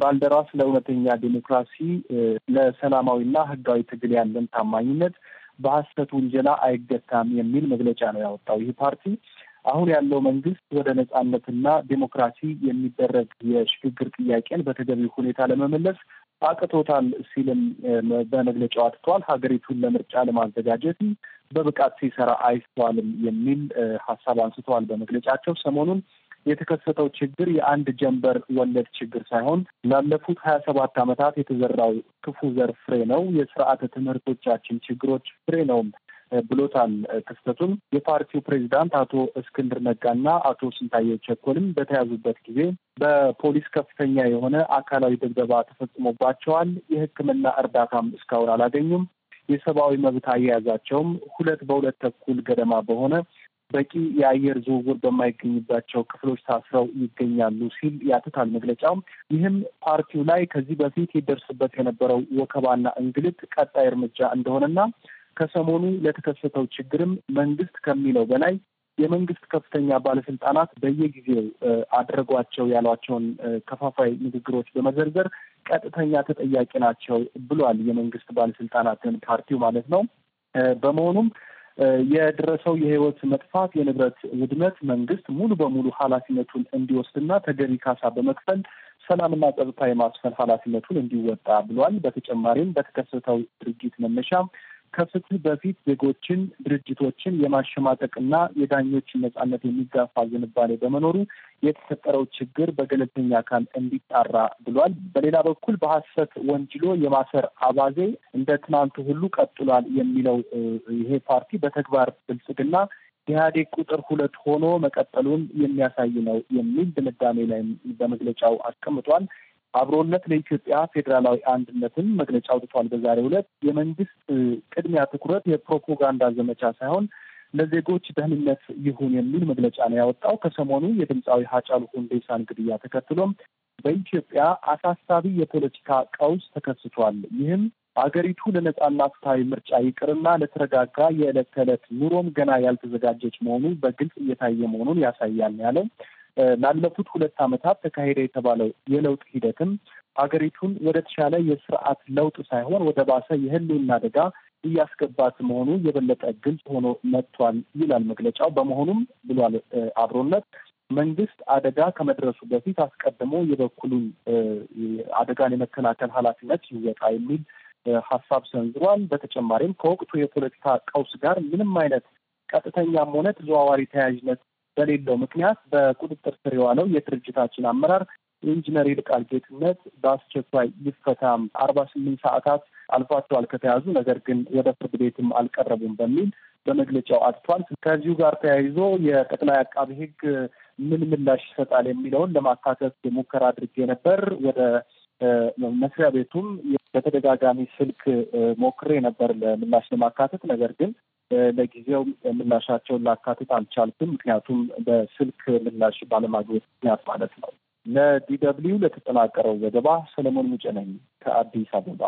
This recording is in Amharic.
ባልደራስ ለእውነተኛ ዴሞክራሲ ለሰላማዊና ህጋዊ ትግል ያለን ታማኝነት በሀሰት ውንጀላ አይገታም የሚል መግለጫ ነው ያወጣው። ይህ ፓርቲ አሁን ያለው መንግስት ወደ ነጻነትና ዴሞክራሲ የሚደረግ የሽግግር ጥያቄን በተገቢው ሁኔታ ለመመለስ አቅቶታል ሲልም በመግለጫው አትተዋል። ሀገሪቱን ለምርጫ ለማዘጋጀት በብቃት ሲሰራ አይስተዋልም የሚል ሀሳብ አንስተዋል በመግለጫቸው ሰሞኑን የተከሰተው ችግር የአንድ ጀንበር ወለድ ችግር ሳይሆን ላለፉት ሀያ ሰባት ዓመታት የተዘራው ክፉ ዘር ፍሬ ነው። የስርዓተ ትምህርቶቻችን ችግሮች ፍሬ ነው ብሎታል። ክስተቱም የፓርቲው ፕሬዚዳንት አቶ እስክንድር ነጋና አቶ ስንታየው ቸኮልም በተያዙበት ጊዜ በፖሊስ ከፍተኛ የሆነ አካላዊ ድብደባ ተፈጽሞባቸዋል። የሕክምና እርዳታም እስካሁን አላገኙም። የሰብአዊ መብት አያያዛቸውም ሁለት በሁለት ተኩል ገደማ በሆነ በቂ የአየር ዝውውር በማይገኝባቸው ክፍሎች ታስረው ይገኛሉ ሲል ያትታል መግለጫው። ይህም ፓርቲው ላይ ከዚህ በፊት ይደርስበት የነበረው ወከባና እንግልት ቀጣይ እርምጃ እንደሆነና ከሰሞኑ ለተከሰተው ችግርም መንግስት ከሚለው በላይ የመንግስት ከፍተኛ ባለስልጣናት በየጊዜው አድረጓቸው ያሏቸውን ከፋፋይ ንግግሮች በመዘርዘር ቀጥተኛ ተጠያቂ ናቸው ብሏል። የመንግስት ባለስልጣናትን ፓርቲው ማለት ነው። በመሆኑም የደረሰው የህይወት መጥፋት፣ የንብረት ውድመት መንግስት ሙሉ በሙሉ ኃላፊነቱን እንዲወስድና ተገቢ ካሳ በመክፈል ሰላምና ጸጥታ የማስፈን ኃላፊነቱን እንዲወጣ ብሏል። በተጨማሪም በተከሰተው ድርጊት መነሻ ከፍትህ በፊት ዜጎችን፣ ድርጅቶችን የማሸማቀቅና የዳኞችን ነጻነት የሚጋፋ ዝንባሌ በመኖሩ የተፈጠረው ችግር በገለልተኛ አካል እንዲጣራ ብሏል። በሌላ በኩል በሀሰት ወንጅሎ የማሰር አባዜ እንደ ትናንቱ ሁሉ ቀጥሏል የሚለው ይሄ ፓርቲ በተግባር ብልጽግና ኢህአዴግ ቁጥር ሁለት ሆኖ መቀጠሉን የሚያሳይ ነው የሚል ድምዳሜ ላይ በመግለጫው አስቀምጧል። አብሮነት ለኢትዮጵያ ፌዴራላዊ አንድነትን መግለጫ አውጥቷል። በዛሬው ዕለት የመንግስት ቅድሚያ ትኩረት የፕሮፓጋንዳ ዘመቻ ሳይሆን ለዜጎች ደህንነት ይሁን የሚል መግለጫ ነው ያወጣው። ከሰሞኑ የድምፃዊ ሀጫሉ ሁንዴሳን ግድያ ተከትሎም በኢትዮጵያ አሳሳቢ የፖለቲካ ቀውስ ተከስቷል። ይህም አገሪቱ ለነጻና ፍትሐዊ ምርጫ ይቅርና ለተረጋጋ የዕለት ተዕለት ኑሮም ገና ያልተዘጋጀች መሆኑ በግልጽ እየታየ መሆኑን ያሳያል ያለው ላለፉት ሁለት ዓመታት ተካሄደ የተባለው የለውጥ ሂደትም ሀገሪቱን ወደ ተሻለ የስርዓት ለውጥ ሳይሆን ወደ ባሰ የህልውና አደጋ እያስገባት መሆኑ የበለጠ ግልጽ ሆኖ መጥቷል ይላል መግለጫው። በመሆኑም ብሏል አብሮነት መንግስት አደጋ ከመድረሱ በፊት አስቀድሞ የበኩሉን አደጋን የመከላከል ኃላፊነት ይወጣ የሚል ሀሳብ ሰንዝሯል። በተጨማሪም ከወቅቱ የፖለቲካ ቀውስ ጋር ምንም አይነት ቀጥተኛም ሆነ ተዘዋዋሪ ተያያዥነት በሌለው ምክንያት በቁጥጥር ስር የዋለው የድርጅታችን አመራር ኢንጂነር ይልቃል ጌትነት በአስቸኳይ ይፈታም አርባ ስምንት ሰዓታት አልፏቸዋል ከተያዙ ነገር ግን ወደ ፍርድ ቤትም አልቀረቡም በሚል በመግለጫው አጥቷል። ከዚሁ ጋር ተያይዞ የጠቅላይ አቃቢ ሕግ ምን ምላሽ ይሰጣል የሚለውን ለማካተት የሙከራ አድርጌ ነበር። ወደ መስሪያ ቤቱም በተደጋጋሚ ስልክ ሞክሬ ነበር ለምላሽ ለማካተት ነገር ግን ለጊዜው ምላሻቸውን ላካትት አልቻልኩም። ምክንያቱም በስልክ ምላሽ ባለማግኘት ምክንያት ማለት ነው። ለዲ ደብልዩ ለተጠናቀረው ዘገባ ሰለሞን ሙጬ ነኝ ከአዲስ አበባ።